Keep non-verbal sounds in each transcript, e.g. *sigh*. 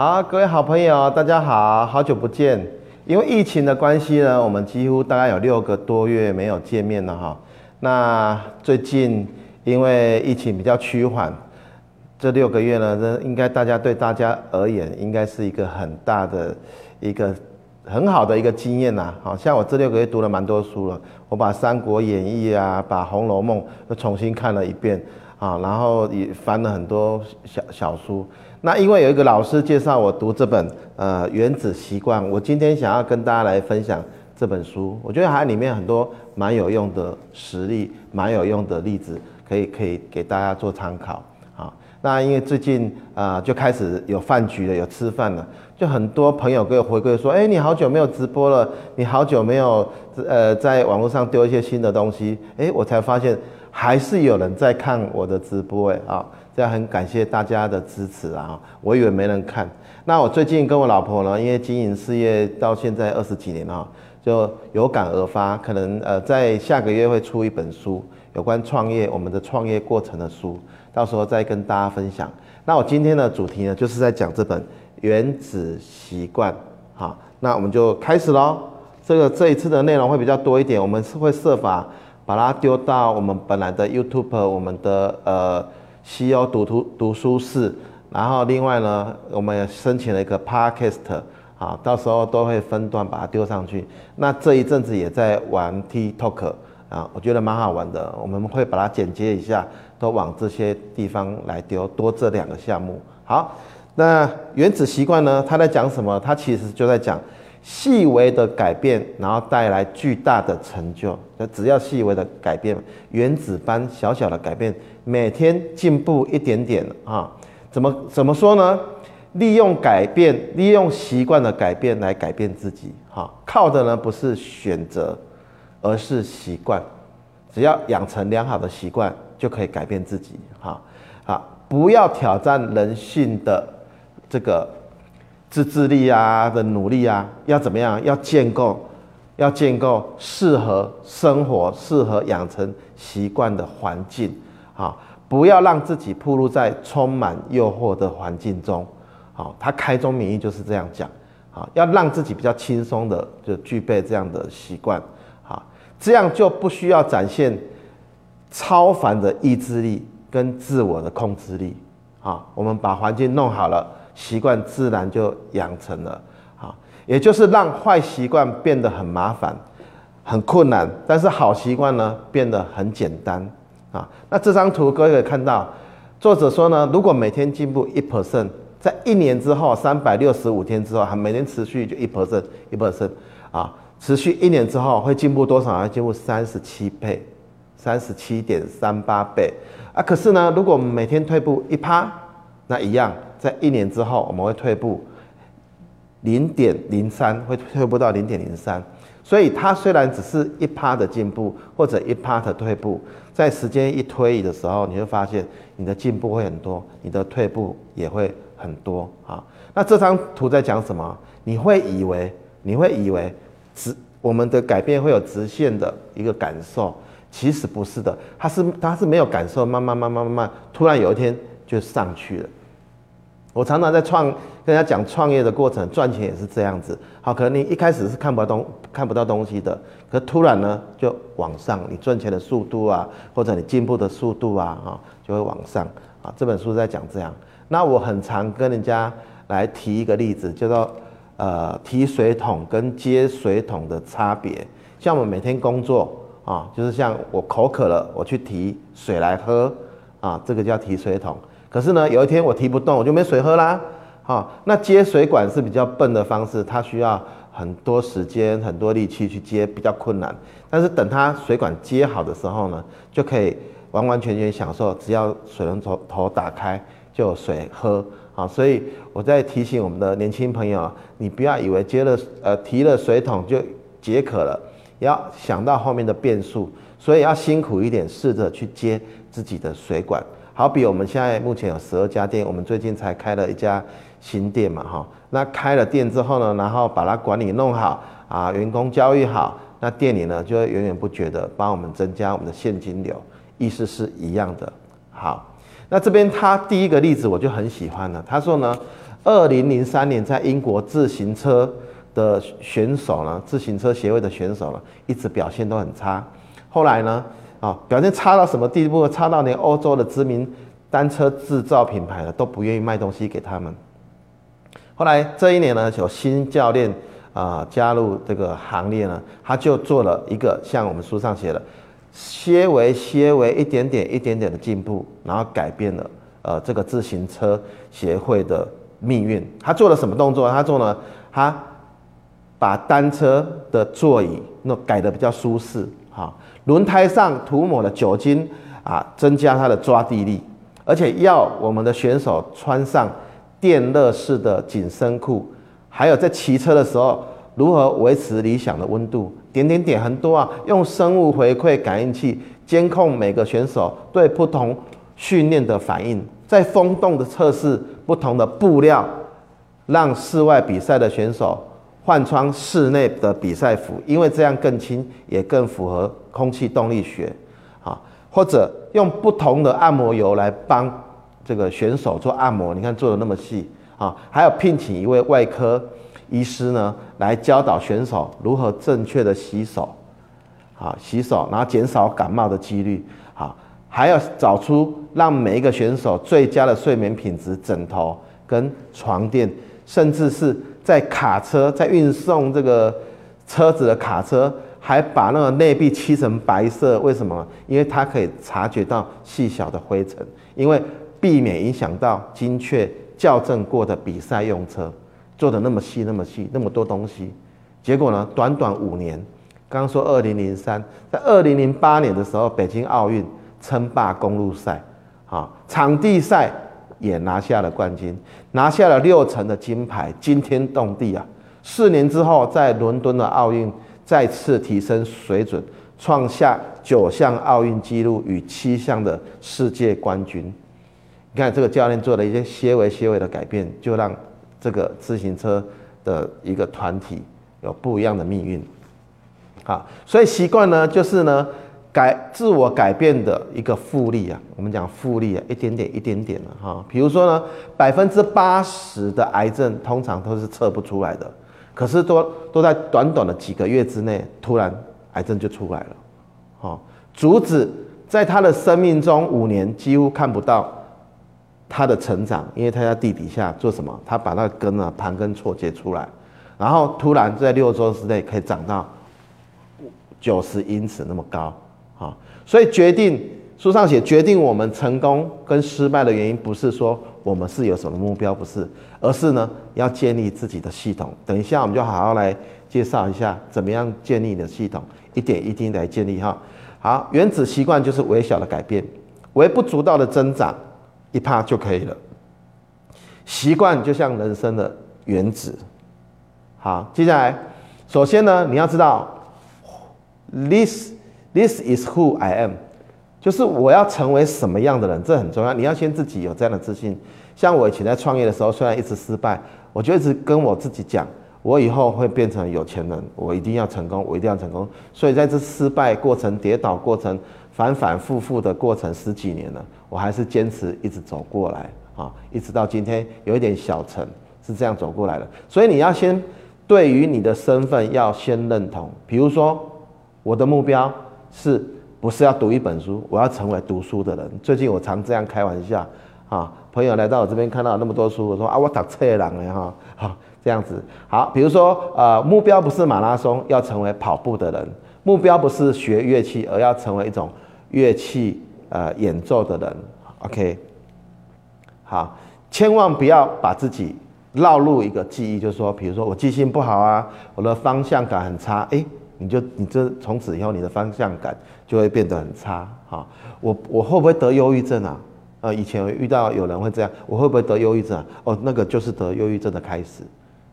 好，各位好朋友，大家好，好久不見。因為疫情的關係呢，我們幾乎大概有六個多月沒有見面了哈。那最近因為疫情比較趨緩，這六個月呢，這應該大家對大家而言，應該是一個很大的一個很好的一個經驗啦。好像我這六個月讀了蠻多書了，我把《三國演義》啊，把《紅樓夢》又重新看了一遍啊，然後也翻了很多小小書。那因為有一個老師介紹我讀這本呃《原子習慣》，我今天想要跟大家來分享這本書。我覺得它裡面很多蠻有用的實例，蠻有用的例子，可以可以給大家做參考啊。那因為最近啊、呃、就開始有飯局了，有吃飯了，就很多朋友給我回饋說：“哎、欸，你好久沒有直播了，你好久沒有呃在網絡上丟一些新的東西。欸”哎，我才發現還是有人在看我的直播哎、欸、啊。好也很感謝大家的支持啊！我以為沒人看。那我最近跟我老婆呢，因為經營事業到現在二十幾年了、啊，就有感而發，可能呃，在下個月會出一本書，有關創業我們的創業過程的書，到時候再跟大家分享。那我今天的主題呢，就是在講這本《原子習慣》。好，那我們就開始嘍。這個這一次的內容會比較多一點，我們是會設法把它丟到我們本來的 YouTube，我們的呃。CEO 圖書室，然後另外呢，我們也申請了一個 podcast 啊，到時候都會分段把它丟上去。那這一陣子也在玩 TikTok 啊，我覺得蠻好玩的。我們會把它剪接一下，都往這些地方來丟。多這兩個項目，好。那原子習慣呢？它在講什麼？它其實就在講細微的改變，然後帶來巨大的成就。那只要細微的改變，原子般小小的改變。每天進步一點點啊，怎麼怎麼說呢？利用改變，利用習慣的改變來改變自己哈。靠的呢，不是選擇，而是習慣。只要養成良好的習慣，就可以改變自己哈。啊，不要挑戰人性的這個自制力啊，的努力啊，要怎麼樣？要建構，要建構適合生活、適合養成習慣的環境。啊，不要讓自己暴露在充滿誘惑的環境中。好，他開宗明義就是這樣講。好，要讓自己比較輕鬆的就具備這樣的習慣。好，這樣就不需要展現超凡的意志力跟自我的控制力。啊，我們把環境弄好了，習慣自然就養成了。啊，也就是讓壞習慣變得很麻煩、很困難，但是好習慣呢變得很簡單。啊，那這張圖各位可以看到，作者說呢，如果每天進步一 percent，在一年之後，三百六十五天之後，還每天持續就一 percent，一 percent，啊，持續一年之後會進步多少？會進步三十七倍，三十七點三八倍。啊，可是呢，如果我們每天退步一趴，那一樣，在一年之後我們會退步零點零三，會退步到零點零三。所以它雖然只是一趴的進步，或者一趴的退步，在時間一推移的時候，你會發現你的進步會很多，你的退步也會很多啊。那這張圖在講什麼？你會以為，你會以為直我們的改變會有直線的一個感受，其實不是的，它是，它是沒有感受，慢慢慢慢慢慢，突然有一天就上去了。我常常在創，跟人家講創業的過程，賺錢也是這樣子。好，可能你一開始是看不到東，看不到東西的，可突然呢就往上，你賺錢的速度啊，或者你進步的速度啊，哦，就會往上。啊，這本書在講這樣。那我很常跟人家來提一個例子，叫做，呃，提水桶跟接水桶的差別。像我們每天工作啊，哦，就是像我口渴了，我去提水來喝。啊，這個叫提水桶。可是呢，有一天我提不動，我就沒水喝啦。好、啊，那接水管是比較笨的方式，它需要很多時間、很多力氣去接，比較困難。但是等它水管接好的時候呢，就可以完完全全享受，只要水龍頭頭打開就有水喝。好、啊，所以我再提醒我們的年輕朋友，你不要以為接了呃提了水桶就解渴了，也要想到後面的變數，所以要辛苦一點，試着去接。自己的水管。好比我們現在目前有十二家店，我們最近才開了一家新店嘛，哈，那開了店之後呢，然後把它管理弄好啊、呃，員工教育好，那店裡呢就會源源不絕地幫我們增加我們的現金流，意思是一樣的，好，那這邊他第一個例子我就很喜歡了，他說呢，二零零三年在英國自行車的選手呢，自行車協會的選手呢，一直表現都很差，後來呢。啊，表現差到什麼地步？差到連歐洲的知名單車製造品牌都不願意賣東西給他們。後來這一年呢，有新教練啊加入這個行列呢，他就做了一個像我們書上寫的，些微些微一點點一點點的進步，然後改變了呃這個自行車協會的命運。他做了什麼動作？他做了他把單車的座椅那改得比較舒適。啊，輪胎上塗抹了酒精，啊，增加它的抓地力，而且要我們的選手穿上電熱式的緊身褲，還有在騎車的時候如何維持理想的溫度，點點點很多啊，用生物回饋感應器監控每個選手對不同訓練的反應，在風洞的測試不同的布料，讓室外比賽的選手。換穿室內的比賽服，因為這樣更輕，也更符合空氣動力學，啊，或者用不同的按摩油來幫這個選手做按摩。你看做得那麼細啊，還有聘請一位外科醫師呢，來教導選手如何正確的洗手，啊，洗手，然後減少感冒的幾率，啊，還要找出讓每一個選手最佳的睡眠品質，枕頭跟床墊，甚至是。在卡車在運送這個車子的卡車，還把那個內壁漆成白色，為什麼？因為它可以察覺到細小的灰塵，因為避免影響到精確校正過的比賽用車，做的那麼細那麼細那麼多東西。結果呢？短短五年，剛剛說二零零三，在二零零八年的時候，北京奧運稱霸公路賽，啊，場地賽。也拿下了冠軍，拿下了六成的金牌，驚天動地啊！四年之後，在倫敦的奧運再次提升水準，創下九項奧運紀錄與七項的世界冠軍。你看，這個教練做了一些些微、些微的改變，就讓這個自行車的一個團體有不一樣的命運。好，所以習慣呢，就是呢。改自我改變的一個複利啊，我們講複利啊，一點點一點點的哈。比如說呢，百分之八十的癌症通常都是測不出來的，可是都都在短短的幾個月之內，突然癌症就出來了。哦，竹子在他的生命中五年幾乎看不到他的成長，因為他在地底下做什麼？他把那個根啊盤根錯節出來，然後突然在六周之內可以長到九十英尺那麼高。啊，所以決定書上寫決定我們成功跟失敗的原因，不是說我們是有什麼目標，不是，而是呢要建立自己的系統。等一下我們就好好來介紹一下怎麼樣建立你的系統，一點一滴來建立哈。好，原子習慣就是微小的改變，微不足道的增長，一趴就可以了。習慣就像人生的原子。好，接下來首先呢你要知道，this。This is who I am，就是我要成為什麼樣的人，這很重要。你要先自己有這樣的自信。像我以前在創業的時候，雖然一直失敗，我就一直跟我自己講，我以後會變成有錢人，我一定要成功，我一定要成功。所以在這失敗過程、跌倒過程、反反复复的過程十幾年了，我還是堅持一直走過來啊，一直到今天有一點小成，是這樣走過來的。所以你要先對於你的身份要先認同，比如說我的目標。是不是要讀一本書？我要成為讀書的人。最近我常這樣開玩笑啊、哦，朋友來到我這邊看到那麼多書，我說啊，我打車人了哈、哦，這樣子好。比如說、呃，目標不是馬拉松，要成為跑步的人；目標不是學樂器，而要成為一種樂器呃演奏的人。OK，好，千萬不要把自己繞入一個記憶，就是說，比如說我記性不好啊，我的方向感很差，欸你就你這從此以後你的方向感就會變得很差哈。我我會不會得憂鬱症啊？呃，以前遇到有人會這樣，我會不會得憂鬱症啊？哦，那個就是得憂鬱症的開始。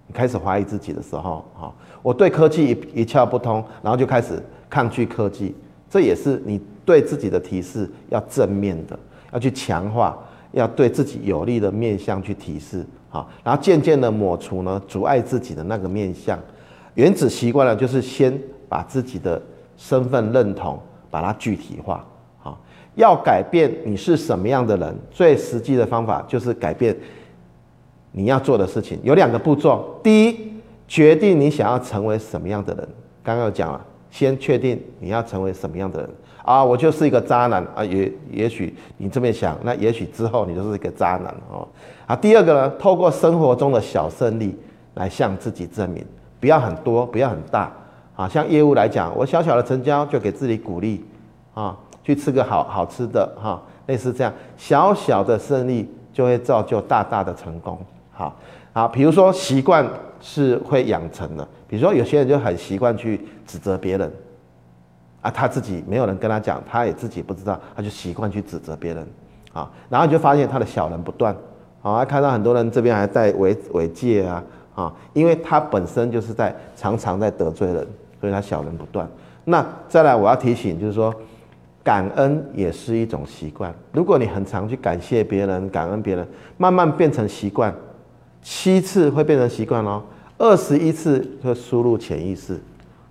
你開始懷疑自己的時候，哈，我對科技一一竅不通，然後就開始抗拒科技，這也是你對自己的提示要正面的，要去強化，要對自己有利的面向去提示哈，然後漸漸地抹除呢阻礙自己的那個面向。原子習慣了就是先。把自己的身份認同，把它具體化，好，哦，要改變你是什麼樣的人，最實際的方法就是改變你要做的事情。有兩個步驟，第一，決定你想要成為什麼樣的人。剛剛有講了，先確定你要成為什麼樣的人啊，我就是一個渣男啊，也也許你這麼想，那也許之後你就是一個渣男哦。啊，第二個呢，透過生活中的小勝利來向自己證明，不要很多，不要很大。啊，像業務來講，我小小的成交就給自己鼓勵，啊，去吃個好好吃的哈，類似這樣小小的勝利就會造就大大的成功。好，啊，比如說習慣是會養成的，比如說有些人就很習慣去指責別人，啊，他自己沒有人跟他講，他也自己不知道，他就習慣去指責別人，啊，然後你就發現他的小人不斷，啊，看到很多人這邊還在尾尾戒啊，啊，因為他本身就是在常常在得罪人。所以他小人不斷。那再來，我要提醒，就是說，感恩也是一種習慣。如果你很常去感謝別人、感恩別人，慢慢變成習慣，七次會變成習慣咯，二十一次會輸入潛意識。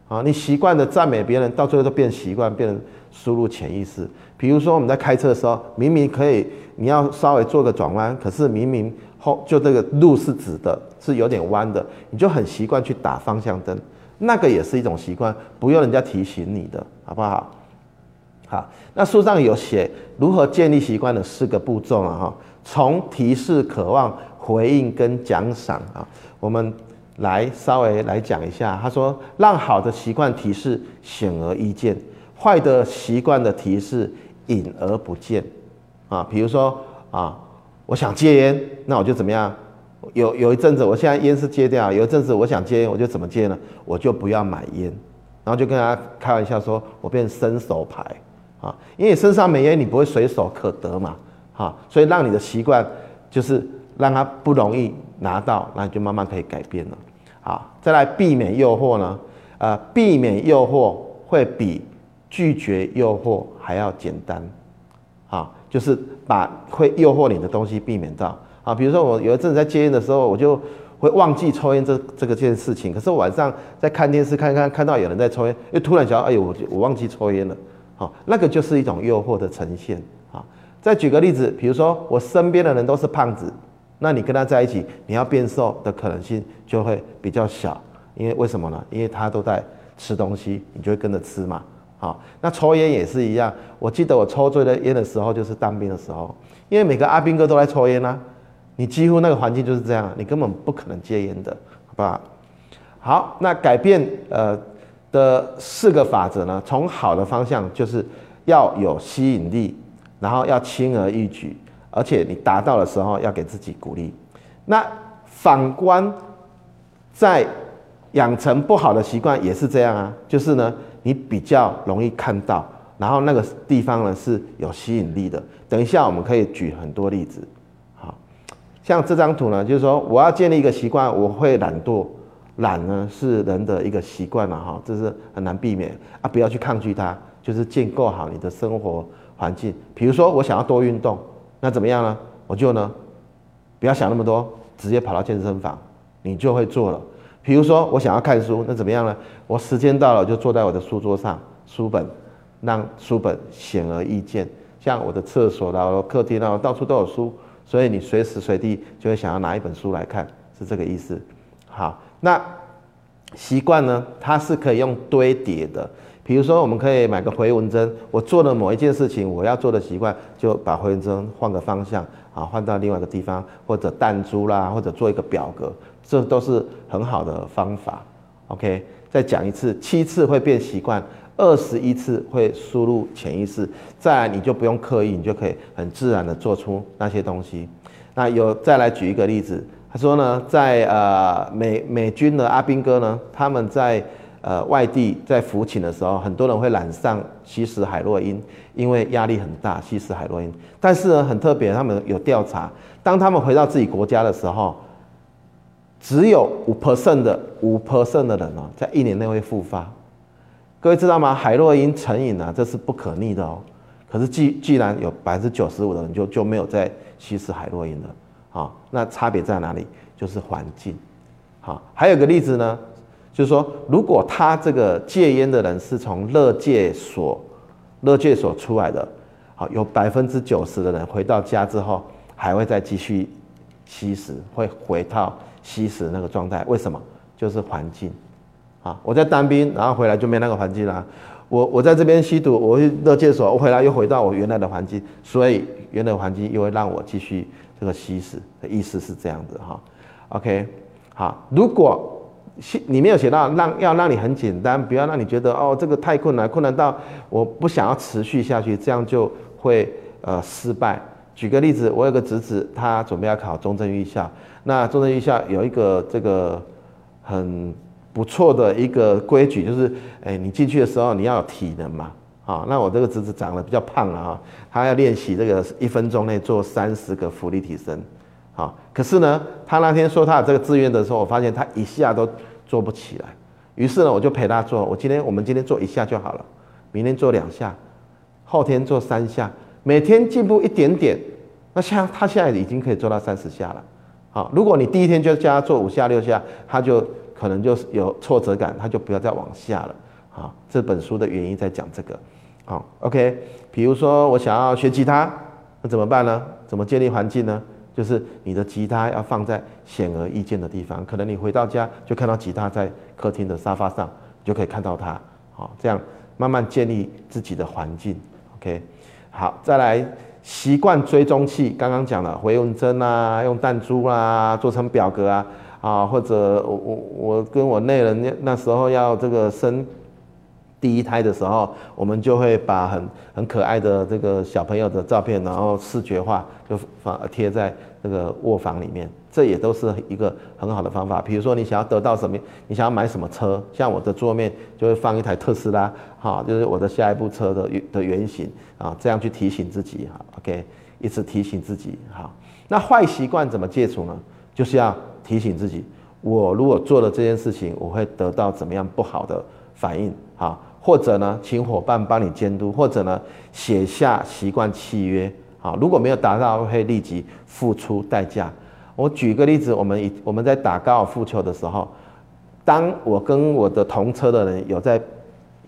啊，你習慣的讚美別人，到最後都變習慣，變成輸入潛意識。比如說，我們在開車的時候，明明可以，你要稍微做個轉彎，可是明明後就這個路是直的，是有點彎的，你就很習慣去打方向燈。那個也是一種習慣，不用人家提醒你的，好不好？好，那書上有寫如何建立習慣的四個步驟啊，哈，從提示、渴望、回應跟獎賞啊，我們來稍微來講一下。他說，讓好的習慣提示顯而易見，壞的習慣的提示隱而不見啊。比如說啊，我想戒菸，那我就怎麼樣？有有一陣子，我現在煙是戒掉。有一陣子，我想戒煙，我就怎麼戒呢？我就不要買煙，然後就跟大家開玩笑說，我變伸手牌，啊，因為你身上沒煙，你不會隨手可得嘛，啊，所以讓你的習慣就是讓它不容易拿到，那你就慢慢可以改變了，啊，再來避免誘惑呢，啊、呃，避免誘惑會比拒絕誘惑還要簡單，啊，就是把會誘惑你的東西避免掉。啊，比如說我有一陣子在戒煙的時候，我就會忘記抽煙這這個件事情。可是晚上在看電視，看看看到有人在抽煙，又突然想到，哎呦，我我忘記抽煙了。好，那個就是一種誘惑的呈現啊。再舉個例子，比如說我身邊的人都是胖子，那你跟他在一起，你要變瘦的可能性就會比較小，因為為什麼呢？因為他都在吃東西，你就會跟着吃嘛。好，那抽煙也是一樣。我記得我抽最多的煙的時候就是當兵的時候，因為每個阿兵哥都在抽煙啊。你幾乎那個環境就是這樣，你根本不可能戒菸的，好不好？好，那改變呃的四個法則呢，從好的方向就是要有吸引力，然後要輕而易舉，而且你達到的時候要給自己鼓勵。那反觀在養成不好的習慣也是這樣啊，就是呢你比較容易看到，然後那個地方呢是有吸引力的。等一下我們可以舉很多例子。像這張圖呢，就是說我要建立一個習慣，我會懶惰，懶呢是人的一個習慣了哈，這是很難避免啊，不要去抗拒它，就是建構好你的生活環境。比如說我想要多運動，那怎麼樣呢？我就呢，不要想那麼多，直接跑到健身房，你就會做了。比如說我想要看書，那怎麼樣呢？我時間到了，我就坐在我的書桌上，書本讓書本顯而易見，像我的廁所然後客廳啦，到處都有書。所以你隨時隨地就會想要拿一本書來看，是這個意思。好，那習慣呢？它是可以用堆疊的。比如說，我們可以買個迴紋針。我做了某一件事情，我要做的習慣，就把迴紋針換個方向啊，換到另外一個地方，或者彈珠啦，或者做一個表格，這都是很好的方法。OK，再講一次，七次會變習慣。二十一次會輸入潛意識，再來你就不用刻意，你就可以很自然的做出那些東西。那有再來舉一個例子，他說呢，在呃美美軍的阿兵哥呢，他們在呃外地在服勤的時候，很多人會染上吸食海洛因，因為壓力很大，吸食海洛因。但是呢，很特別，他們有調查，當他們回到自己國家的時候，只有五 percent 的五 percent 的人哦、喔，在一年內會復發。各位知道嗎？海洛因成癮啊，這是不可逆的哦。可是既既然有百分之九十五的人就就沒有再吸食海洛因了啊、哦，那差別在哪裡？就是環境。好、哦，還有一個例子呢，就是說如果他這個戒菸的人是從勒戒所勒戒所出來的，好，有百分之九十的人回到家之後還會再繼續吸食，會回到吸食那個狀態。為什麼？就是環境。啊，我在當兵，然後回來就沒那個環境了。我我在這邊吸毒，我去勒戒所，我回來又回到我原來的環境，所以原來的環境又會讓我繼續這個吸食，的意思是這樣子哈。OK，好，如果寫你沒有寫到，讓要讓你很簡單，不要讓你覺得哦這個太困難，困難到我不想要持續下去，這樣就會呃失敗。舉個例子，我有個侄子，他準備要考中正預校，那中正預校有一個這個很。不錯的一個規矩就是，誒，你進去的時候你要有體能嘛，啊、哦，那我這個侄子長得比較胖了哈、哦，他要練習這個一分鐘內做三十個浮力提升伏地挺身，好、哦，可是呢，他那天說他的這個志願的時候，我發現他一下都做不起來，於是呢，我就陪他做。我今天我們今天做一下就好了，明天做兩下，後天做三下，每天進步一點點。那像他現在已經可以做到三十下了，好、哦，如果你第一天就叫他做五下六下，他就。可能就是有挫折感，他就不要再往下了好，這本書的原因在講這個，好，OK。比如說我想要學吉他，那怎麼辦呢？怎麼建立環境呢？就是你的吉他要放在顯而易見的地方。可能你回到家就看到吉他在客廳的沙發上，你就可以看到它，好，這樣慢慢建立自己的環境。OK，好，再來習慣追蹤器，剛剛講了迴紋針啊，用彈珠啊，做成表格啊。啊，或者我我我跟我內人那那時候要這個生第一胎的時候，我們就會把很很可愛的這個小朋友的照片，然後視覺化，就放貼在這個臥房裡面。這也都是一個很好的方法。比如說你想要得到什麼，你想要買什麼車，像我的桌面就會放一台特斯拉，哈，就是我的下一部車的的原型啊，這樣去提醒自己哈，OK，一直提醒自己哈。那壞習慣怎麼戒除呢？就是要。提醒自己，我如果做了這件事情，我會得到怎麼樣不好的反應啊？或者呢，請夥伴幫你監督，或者呢，寫下習慣契約啊。如果沒有達到，會立即付出代價。我舉個例子，我們以我們在打高爾夫球的時候，當我跟我的同車的人有在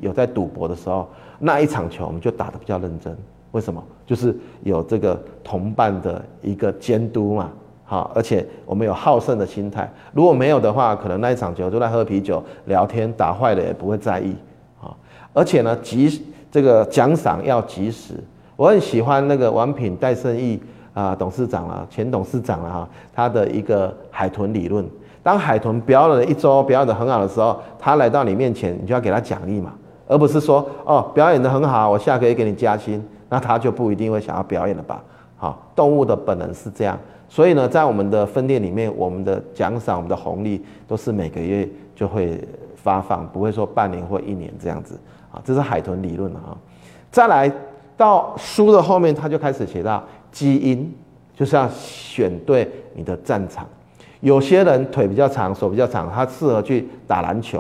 有在賭博的時候，那一場球我們就打得比較認真。為什麼？就是有這個同伴的一個監督嘛。好，而且我們有好勝的心態。如果沒有的話，可能那一場球都在喝啤酒聊天，打壞了也不會在意。好，而且呢，及這個獎賞要及時。我很喜歡那個王品戴勝益啊、呃，董事長了、啊，前董事長了、啊、哈，他的一個海豚理論。當海豚表演了一周，表演的很好的時候，他來到你面前，你就要給他獎勵嘛，而不是說哦，表演的很好，我下個月給你加薪，那他就不一定會想要表演了吧？好、哦，動物的本能是這樣。所以呢，在我們的分店裡面，我們的獎賞、我們的紅利都是每個月就會發放，不會說半年或一年這樣子啊。這是海豚理論啊。再來到書的後面，他就開始寫到基因，就是要選對你的戰場。有些人腿比較長，手比較長，他適合去打籃球；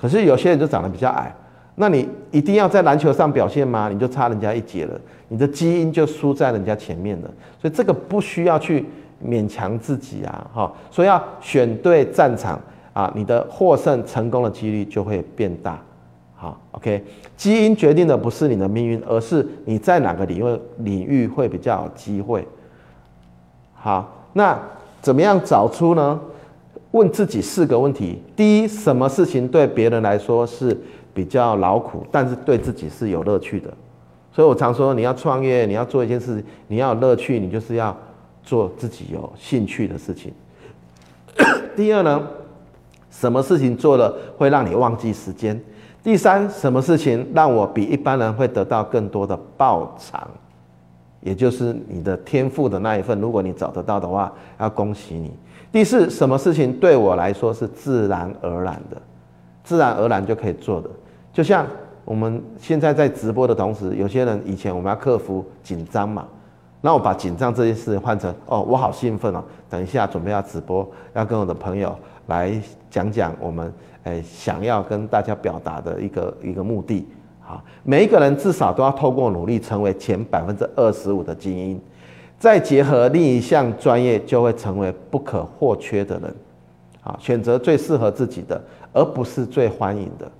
可是有些人就長得比較矮，那你一定要在籃球上表現嗎？你就差人家一截了，你的基因就輸在人家前面了。所以這個不需要去。勉強自己啊，哈、哦，所以要選對戰場啊，你的獲勝成功的幾率就會變大，好，OK，基因決定的不是你的命運，而是你在哪個領域領域會比較有機會。好，那怎麼樣找出呢？問自己四個問題：第一，什麼事情對別人來說是比較勞苦，但是對自己是有樂趣的？所以我常說，你要創業，你要做一件事，你要有樂趣，你就是要。做自己有興趣的事情。 *coughs* 第二呢，什麼事情做了會讓你忘記時間？第三，什麼事情讓我比一般人會得到更多的報償，也就是你的天賦的那一份，如果你找得到的話，要恭喜你。第四，什麼事情對我來說是自然而然的，自然而然就可以做的，就像我們現在在直播的同時，有些人以前我們要克服緊張嘛。那我把緊張這件事換成哦，我好興奮哦！等一下準備要直播，要跟我的朋友來講講我們誒、欸、想要跟大家表達的一個一個目的。好，每一個人至少都要透過努力成為前百分之二十五的精英，再結合另一項專業，就會成為不可或缺的人。好，選擇最適合自己的，而不是最歡迎的，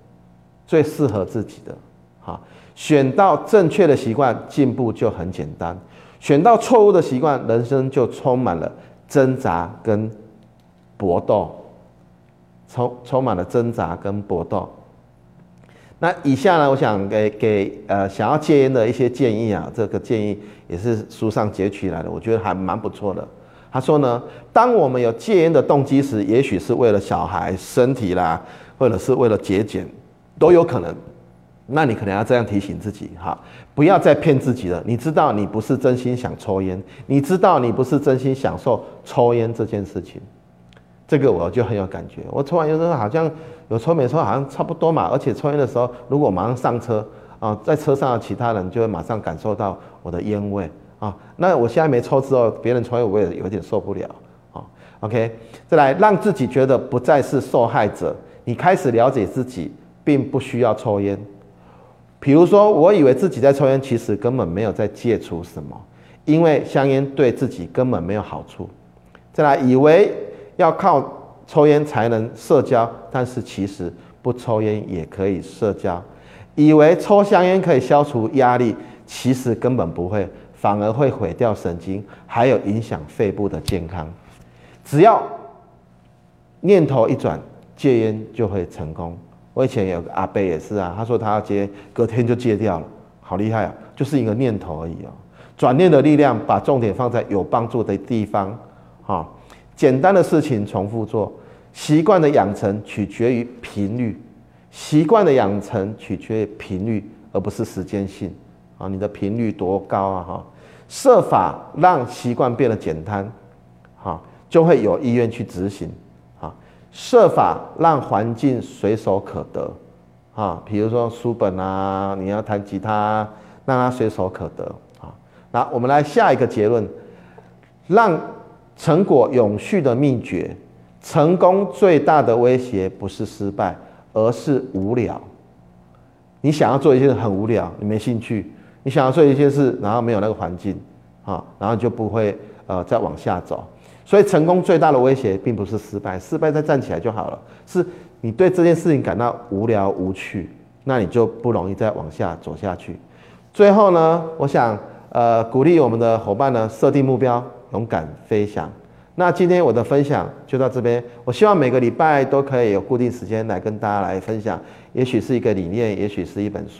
最適合自己的。好，選到正確的習慣，進步就很簡單。選到錯誤的習慣，人生就充滿了掙扎跟搏鬥，充充滿了掙扎跟搏鬥。那以下呢，我想給給呃想要戒菸的一些建議啊，這個建議也是書上截取來的，我覺得還蠻不錯的。他說呢，當我們有戒菸的動機時，也許是為了小孩、身體啦，或者是為了節儉，都有可能。那你可能要這樣提醒自己哈，不要再騙自己了。你知道你不是真心想抽煙，你知道你不是真心享受抽煙這件事情。這個我就很有感覺。我抽完煙之後，好像有抽沒抽好像差不多嘛。而且抽煙的時候，如果我馬上上車啊，在車上的其他人就會馬上感受到我的煙味啊。那我現在沒抽之後，別人抽煙我也有點受不了啊。OK，再來讓自己覺得不再是受害者，你開始了解自己，並不需要抽煙。比如說，我以為自己在抽煙，其實根本沒有在戒除什麼，因為香煙對自己根本沒有好處。再來，以為要靠抽煙才能社交，但是其實不抽煙也可以社交。以為抽香煙可以消除壓力，其實根本不會，反而會毀掉神經，還有影響肺部的健康。只要念頭一轉，戒煙就會成功。我以前有個阿伯也是啊，他說他要戒，隔天就戒掉了，好厲害啊！就是一個念頭而已啊、哦。轉念的力量。把重點放在有幫助的地方，哈、哦，簡單的事情重複做，習慣的養成取決於頻率，習慣的養成取決於頻率而不是時間性啊、哦！你的頻率多高啊？哈、哦，設法讓習慣變得簡單，哈、哦，就會有意願去執行。設法讓環境隨手可得，啊，比如說書本啊，你要彈吉他，讓它隨手可得啊。那我們來下一個結論，讓成果永續的秘訣，成功最大的威脅不是失敗，而是無聊。你想要做一件事很無聊，你沒興趣；你想要做一些事，然後沒有那個環境，啊，然後你就不會呃再往下走。所以，成功最大的威脅並不是失敗，失敗再站起來就好了。是你對這件事情感到無聊無趣，那你就不容易再往下走下去。最後呢，我想呃鼓勵我們的夥伴呢，設定目標，勇敢飛翔。那今天我的分享就到這邊，我希望每個禮拜都可以有固定時間來跟大家來分享，也許是一個理念，也許是一本書。